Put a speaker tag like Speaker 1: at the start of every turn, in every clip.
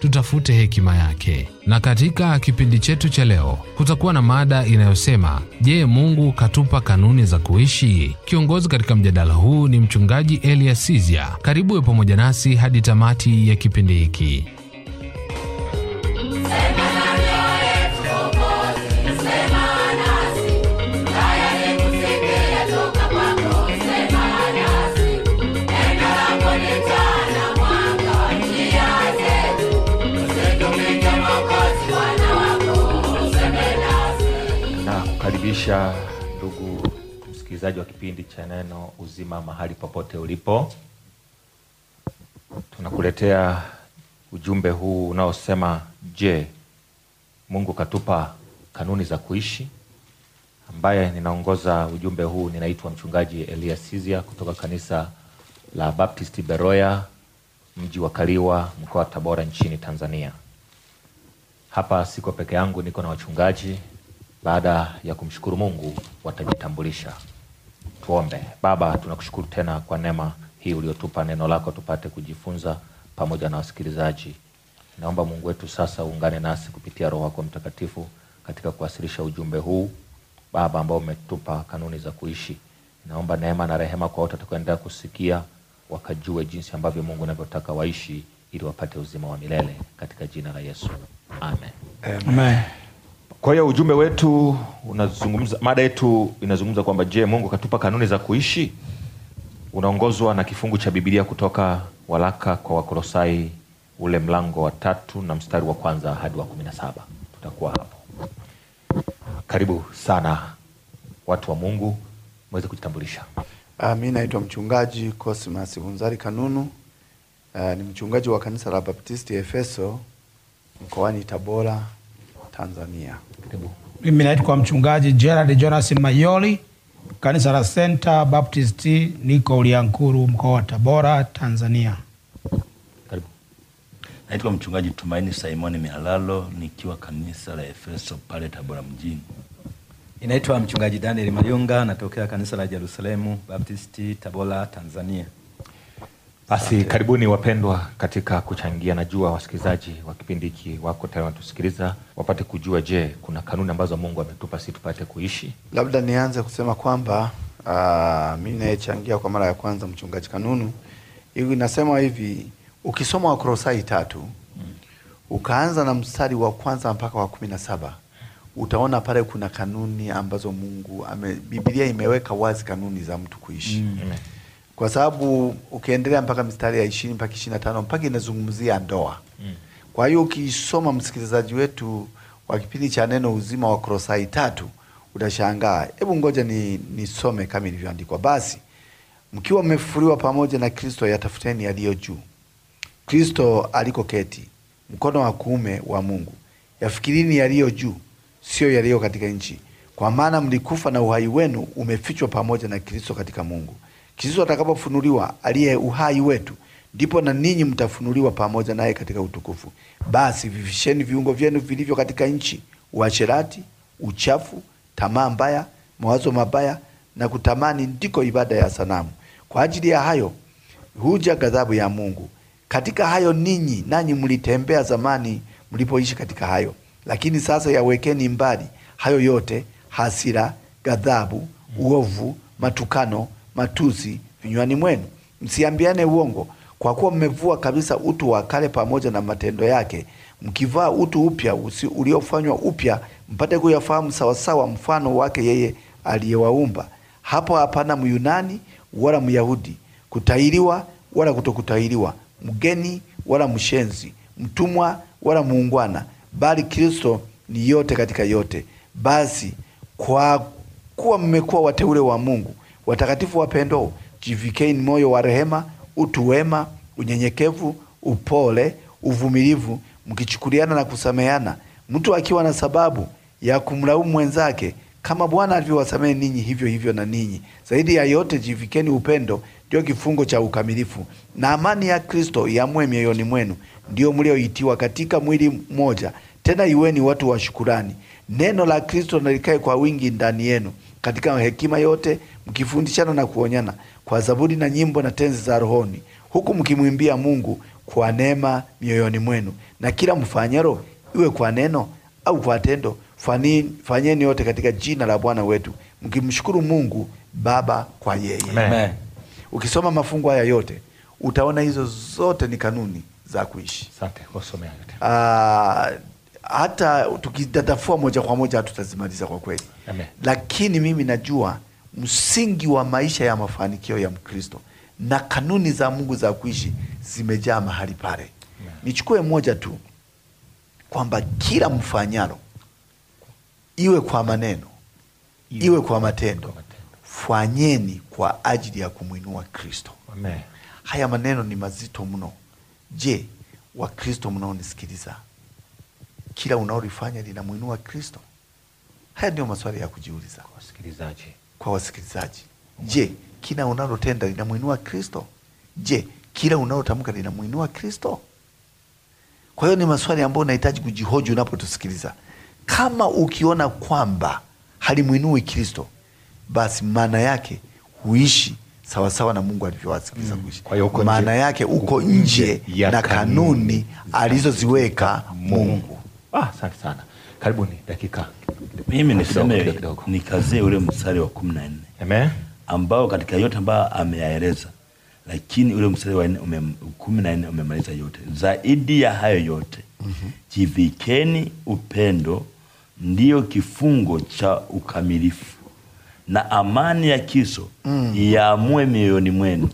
Speaker 1: tutafute hekima yake. Na katika kipindi chetu cha leo kutakuwa na mada inayosema, je, Mungu katupa kanuni za kuishi? Kiongozi katika mjadala huu ni mchungaji Elias Sizia. Karibu pamoja nasi hadi tamati ya kipindi hiki.
Speaker 2: kukaribisha ndugu msikilizaji wa kipindi cha Neno Uzima mahali popote ulipo. Tunakuletea ujumbe huu unaosema, je, Mungu katupa kanuni za kuishi? Ambaye ninaongoza ujumbe huu ninaitwa Mchungaji Elia Sizia kutoka kanisa la baptist Beroya, mji wa Kaliwa, mkoa wa Tabora, nchini Tanzania. Hapa siko peke yangu, niko na wachungaji baada ya kumshukuru Mungu watajitambulisha. Tuombe. Baba, tunakushukuru tena kwa neema hii uliotupa neno lako tupate kujifunza pamoja na wasikilizaji. Naomba Mungu wetu sasa uungane nasi kupitia Roho yako Mtakatifu katika kuwasilisha ujumbe huu Baba, ambao umetupa kanuni za kuishi. Naomba neema na rehema kwa wote watakaoendelea kusikia, wakajue jinsi ambavyo Mungu anavyotaka waishi ili wapate uzima wa milele katika jina la Yesu. Amen. Amen. Amen. Kwa hiyo ujumbe wetu unazungumza, mada yetu inazungumza kwamba je, Mungu katupa kanuni za kuishi? Unaongozwa na kifungu cha bibilia kutoka waraka kwa Wakolosai ule mlango wa tatu na mstari wa kwanza hadi wa kumi na saba. Tutakuwa hapo. Karibu sana watu wa Mungu, mweze
Speaker 3: kujitambulisha. Uh, mi naitwa mchungaji Cosmas Hunzari Kanunu. Uh, ni mchungaji wa kanisa la Baptisti Efeso mkoani Tabora
Speaker 1: Tanzania. Mimi naitwa mchungaji Gerard Jonas Mayoli, kanisa la Center Baptist, niko Uliankuru, mkoa wa Tabora, Tanzania.
Speaker 4: Karibu. Naitwa mchungaji Tumaini Simoni Mihalalo, nikiwa kanisa la Efeso pale Tabora mjini. Inaitwa mchungaji Daniel Mayunga, natokea kanisa la Jerusalemu Baptisti, Tabora, Tanzania.
Speaker 2: Basi karibuni wapendwa, katika kuchangia. Najua wasikilizaji wa kipindi hiki wako tayari wanatusikiliza wapate kujua, je, kuna kanuni ambazo Mungu ametupa si tupate kuishi.
Speaker 3: Labda nianze kusema kwamba ah, mi nayechangia kwa mara ya kwanza, mchungaji Kanunu, hivi nasema hivi, ukisoma Wakolosai tatu mm. ukaanza na mstari wa kwanza mpaka wa kumi na saba utaona pale kuna kanuni ambazo Mungu ame, Biblia imeweka wazi kanuni za mtu kuishi mm kwa sababu ukiendelea mpaka mistari ya ishirini mpaka ishirini na tano mpaka inazungumzia ndoa mm. Kwa hiyo ukisoma msikilizaji wetu wa kipindi cha Neno Uzima wa Kolosai tatu utashangaa. Hebu ngoja ni nisome kama ilivyoandikwa: basi mkiwa mmefufuliwa pamoja na Kristo, yatafuteni yaliyo juu, Kristo aliko keti mkono wa kuume wa Mungu. Yafikirini yaliyo juu, sio yaliyo katika nchi, kwa maana mlikufa na uhai wenu umefichwa pamoja na Kristo katika Mungu. Kristo atakapofunuliwa aliye uhai wetu, ndipo na ninyi mtafunuliwa pamoja naye katika utukufu. Basi vivisheni viungo vyenu vilivyo katika nchi, uasherati, uchafu, tamaa mbaya, mawazo mabaya na kutamani, ndiko ibada ya sanamu. Kwa ajili ya hayo huja ghadhabu ya Mungu. Katika hayo ninyi nanyi mlitembea zamani mlipoishi katika hayo, lakini sasa yawekeni mbali hayo yote: hasira, ghadhabu, uovu, matukano matusi vinywani mwenu, msiambiane uongo, kwa kuwa mmevua kabisa utu wa kale pamoja na matendo yake, mkivaa utu upya uliofanywa upya, mpate kuyafahamu sawasawa mfano wake yeye aliyewaumba. Hapo hapana Myunani wala Myahudi, kutahiriwa wala kutokutahiriwa, mgeni wala mshenzi, mtumwa wala muungwana, bali Kristo ni yote katika yote. Basi kwa kuwa mmekuwa wateule wa Mungu, Watakatifu wapendo, jivikeni moyo wa rehema, utu wema, unyenyekevu, upole, uvumilivu, mkichukuliana na kusameana, mtu akiwa na sababu ya kumlaumu mwenzake kama Bwana alivyowasamehe ninyi, hivyo hivyo na ninyi. Zaidi ya yote, jivikeni upendo, ndio kifungo cha ukamilifu, na amani ya Kristo iamue mioyoni mwenu, ndiyo mlioitiwa katika mwili mmoja. Tena iweni watu wa shukurani. Neno la Kristo nalikae kwa wingi ndani yenu katika hekima yote, mkifundishana na kuonyana kwa zaburi na nyimbo na tenzi za rohoni, huku mkimwimbia Mungu kwa neema mioyoni mwenu. Na kila mfanyalo, iwe kwa neno au kwa tendo, fanyeni yote katika jina la Bwana wetu, mkimshukuru Mungu Baba kwa yeye. Amen. Ukisoma mafungu haya yote utaona hizo zote ni kanuni za kuishi. Asante, ah, hata tukidadafua moja kwa moja hatutazimaliza kwa kweli. Amen. Lakini mimi najua msingi wa maisha ya mafanikio ya Mkristo na kanuni za Mungu za kuishi zimejaa mahali pale. Nichukue moja tu kwamba kila mfanyalo, iwe kwa maneno, iwe kwa matendo, fanyeni kwa ajili ya kumwinua Kristo. Amen. Haya maneno ni mazito mno. Je, Wakristo mnaonisikiliza, kila unaolifanya linamwinua Kristo? Haya ndio maswali ya kujiuliza kwa
Speaker 2: wasikilizaji,
Speaker 3: kwa wasikilizaji. Je, kila unalotenda linamwinua Kristo? Je, kila unalotamka linamwinua Kristo? Kwa hiyo ni maswali ambayo unahitaji kujihoji unapotusikiliza. Kama ukiona kwamba halimwinui Kristo, basi maana yake huishi sawasawa na Mungu alivyowasikiliza mm. kuishi. Maana yake uko nje ya na kanuni, kanuni alizoziweka Mungu. Mungu. Ah, asante sana. Karibuni
Speaker 4: dakika mimi niseme nikazie ule mstari wa kumi na nne ambao katika yote ambayo ameyaeleza, lakini ule mstari wa kumi na nne umemaliza yote. Zaidi ya hayo yote mm -hmm. jivikeni upendo, ndiyo kifungo cha ukamilifu na amani ya kiso mm. mioyoni mwenu,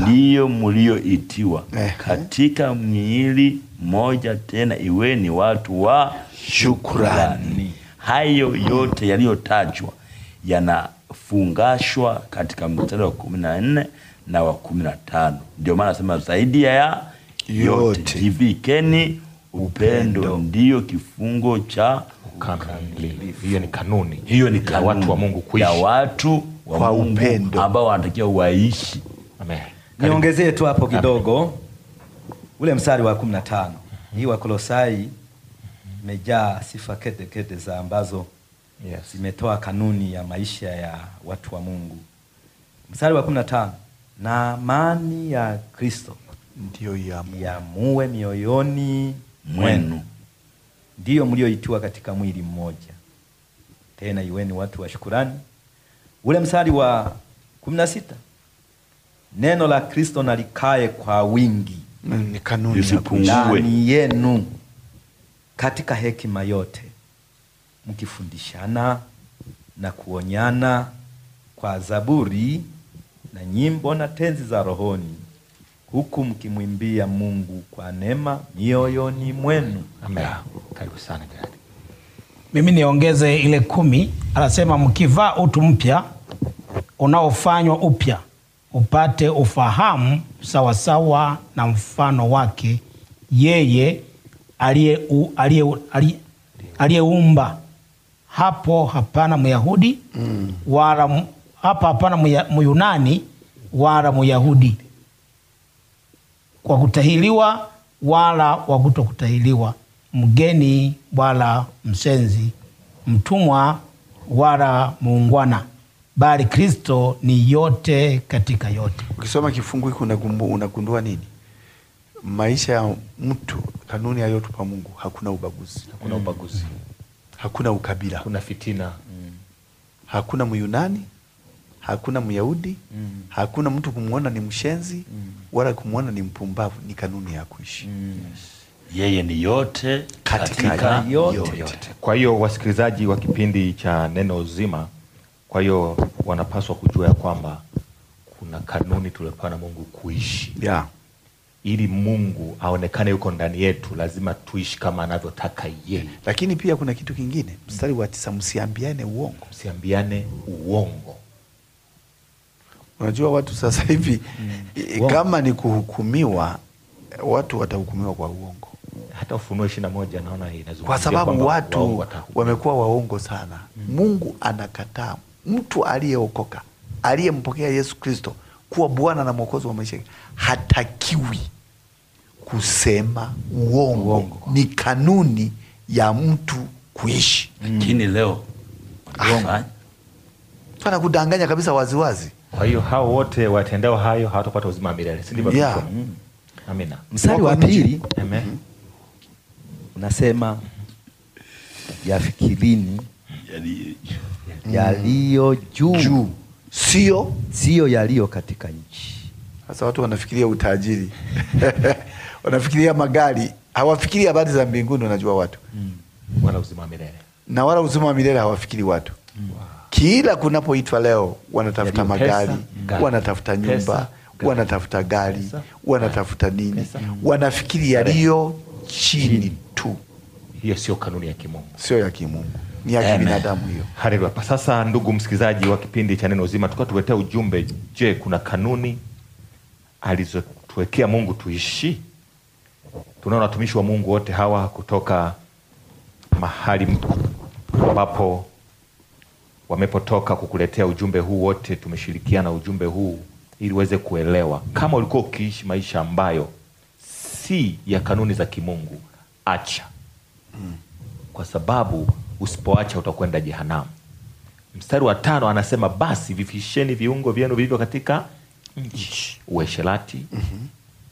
Speaker 4: ndiyo mlioitiwa eh. katika miili moja, tena iweni watu wa shukurani hayo yote yaliyotajwa yanafungashwa katika mstari wa kumi na nne na wa kumi na tano. Ndio maana nasema zaidi ya yote jivikeni upendo, upendo ndiyo kifungo cha Hiyo ni kanuni, hiyo ni kanuni ya watu wa Mungu kuishi, ya watu wa kwa Mungu upendo ambao wanatakiwa waishi.
Speaker 2: Niongezee tu hapo kidogo
Speaker 4: Amen. ule mstari wa kumi na tano hii wa Kolosai imejaa sifa kete kete za ambazo yes, zimetoa kanuni ya maisha ya watu wa Mungu. Mstari wa kumi na tano na amani ya Kristo ndiyo iamue mioyoni mwenu, ndiyo mlioitiwa katika mwili mmoja, tena iweni watu wa shukurani. Ule mstari wa kumi na sita neno la Kristo nalikae kwa wingi ndani yenu katika hekima yote, mkifundishana na kuonyana kwa zaburi na nyimbo na tenzi za rohoni, huku mkimwimbia Mungu
Speaker 1: kwa neema mioyoni mwenu. Amen. Karibu sana Mimi niongeze ile kumi, anasema mkivaa utu mpya unaofanywa upya upate ufahamu sawasawa na mfano wake yeye aliyeumba hapo hapana Myahudi mm. wala hapa hapana Myunani wala Myahudi, kwa kutahiliwa wala wa kutokutahiliwa, mgeni wala msenzi, mtumwa wala muungwana, bali Kristo ni
Speaker 3: yote katika yote. Ukisoma kifungu hiki unagundua nini? maisha ya mtu, kanuni aliyotupa Mungu, hakuna ubaguzi, hakuna ubaguzi, mm. hakuna ukabila, hakuna fitina, mm. hakuna Myunani, hakuna Myahudi, mm. hakuna mtu kumwona ni mshenzi wala kumwona ni mpumbavu. Ni kanuni ya kuishi yeye ni
Speaker 4: yote
Speaker 2: katika,
Speaker 3: katika yote. Yote. Kwa hiyo
Speaker 2: wasikilizaji wa kipindi cha Neno Uzima, kwa hiyo wanapaswa kujua ya kwamba kuna kanuni tuliopewa na Mungu kuishi yeah ili Mungu aonekane yuko ndani yetu, lazima tuishi kama anavyotaka yeye. Mm.
Speaker 3: Lakini pia kuna kitu kingine, mstari wa tisa, msiambiane uongo. Msiambiane uongo. Unajua watu sasa hivi mm, kama ni kuhukumiwa, watu watahukumiwa kwa uongo. Hata Ufunuo ishirini na moja naona inazungumzia kwa sababu watu wamekuwa waongo sana mm. Mungu anakataa mtu aliyeokoka aliyempokea Yesu Kristo kuwa Bwana na Mwokozi wa maisha, hatakiwi kusema uongo, uongo. Ni kanuni ya mtu kuishi, lakini leo ah. eh? kudanganya kabisa waziwazi.
Speaker 2: Kwa hiyo hao wote watendao hayo hawatapata uzima milele, si ndivyo? Yeah. Mm. Amina. Mstari wa
Speaker 4: pili unasema yafikirini
Speaker 3: yaliyo juu juu, sio sio yaliyo katika nchi. Sasa watu wanafikiria utajiri wanafikiria magari, hawafikiri habari za mbinguni. Wanajua watu mm. wala uzima wa milele na wala uzima wa milele hawafikiri watu mm. wow. Kila kunapoitwa leo wanatafuta Yari magari pesa, wanatafuta nyumba pesa, wanatafuta gari pesa, wanatafuta nini pesa, wanafikiri yaliyo chini tu. Hiyo sio kanuni ya Kimungu, sio ya Kimungu, ni ya kibinadamu
Speaker 2: hiyo. Haleluya! Sasa ndugu msikilizaji wa kipindi cha Neno Uzima, tukiwa tumetea ujumbe, je, kuna kanuni alizotuwekea Mungu tuishi tunaona watumishi wa Mungu wote hawa kutoka mahali ambapo wamepotoka kukuletea ujumbe huu. Wote tumeshirikiana ujumbe huu ili uweze kuelewa. Kama ulikuwa ukiishi maisha ambayo si ya kanuni za kimungu, acha, kwa sababu usipoacha utakwenda jehanamu. Mstari wa tano anasema basi vifisheni viungo vyenu vilivyo katika nchi, uesherati mhm.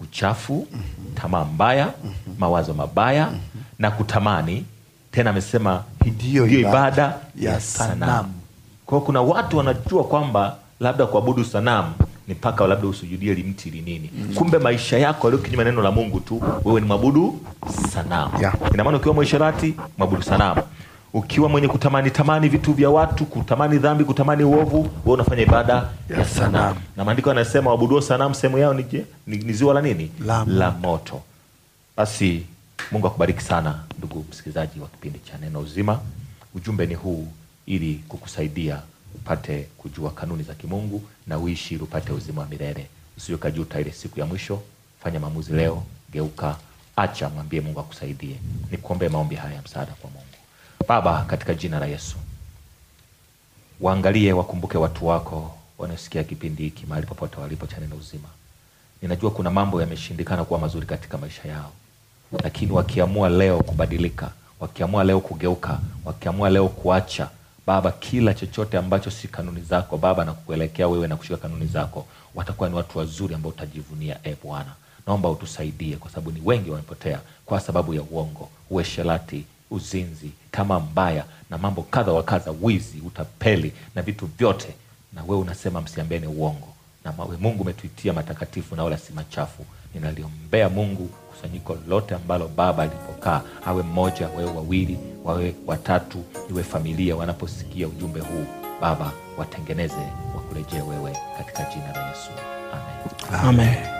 Speaker 2: uchafu mhm tamaa mbaya mm -hmm. mawazo mabaya mm -hmm. na kutamani tena, amesema
Speaker 3: ndiyo ibada
Speaker 2: ya sanamu. Kwa kuna watu wanajua kwamba labda kuabudu sanamu ni mpaka labda usujudie limti linini. mm -hmm. Kumbe maisha yako yaliyo kinyume neno la Mungu tu, wewe ni mwabudu sanamu yeah. Ina maana ukiwa mwisharati mwabudu sanamu, ukiwa mwenye kutamani tamani vitu vya watu, kutamani dhambi, kutamani uovu, wewe unafanya ibada ya sanamu. Na maandiko yanasema waabuduo sanamu sehemu yao ni, ni, ni ziwa la nini? La, la moto. Basi Mungu akubariki sana ndugu msikilizaji wa kipindi cha Neno Uzima. Ujumbe ni huu ili kukusaidia upate kujua kanuni za kimungu na uishi ili upate uzima wa milele. Usije ukajuta ile siku ya mwisho. Fanya maamuzi leo, geuka, acha, mwambie Mungu akusaidie. Nikuombee maombi haya msaada kwa Mungu. Baba, katika jina la Yesu, waangalie, wakumbuke watu wako wanaosikia kipindi hiki mahali popote walipo cha neno uzima. Ninajua kuna mambo yameshindikana kuwa mazuri katika maisha yao, lakini wakiamua leo kubadilika, wakiamua leo kugeuka, wakiamua leo kuacha Baba, kila chochote ambacho si kanuni zako Baba, na kukuelekea wewe na kushika kanuni zako, watakuwa ni watu wazuri ambao utajivunia. E Bwana, naomba utusaidie, kwa sababu ni wengi wamepotea kwa sababu ya uongo, uasherati uzinzi, tamaa mbaya na mambo kadha wa kadha, wizi, utapeli na vitu vyote, na wewe unasema msiambeni uongo na mawe Mungu umetuitia matakatifu na wala si machafu. Ninaliombea Mungu kusanyiko lote ambalo baba alipokaa, awe mmoja, wewe wawili, wawe watatu, iwe familia, wanaposikia ujumbe huu Baba, watengeneze wakurejee wewe, katika jina la Yesu,
Speaker 1: amen, amen.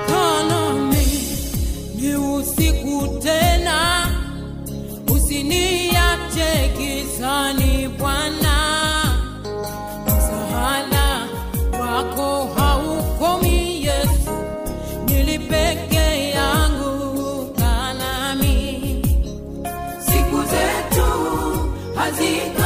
Speaker 2: Brasil.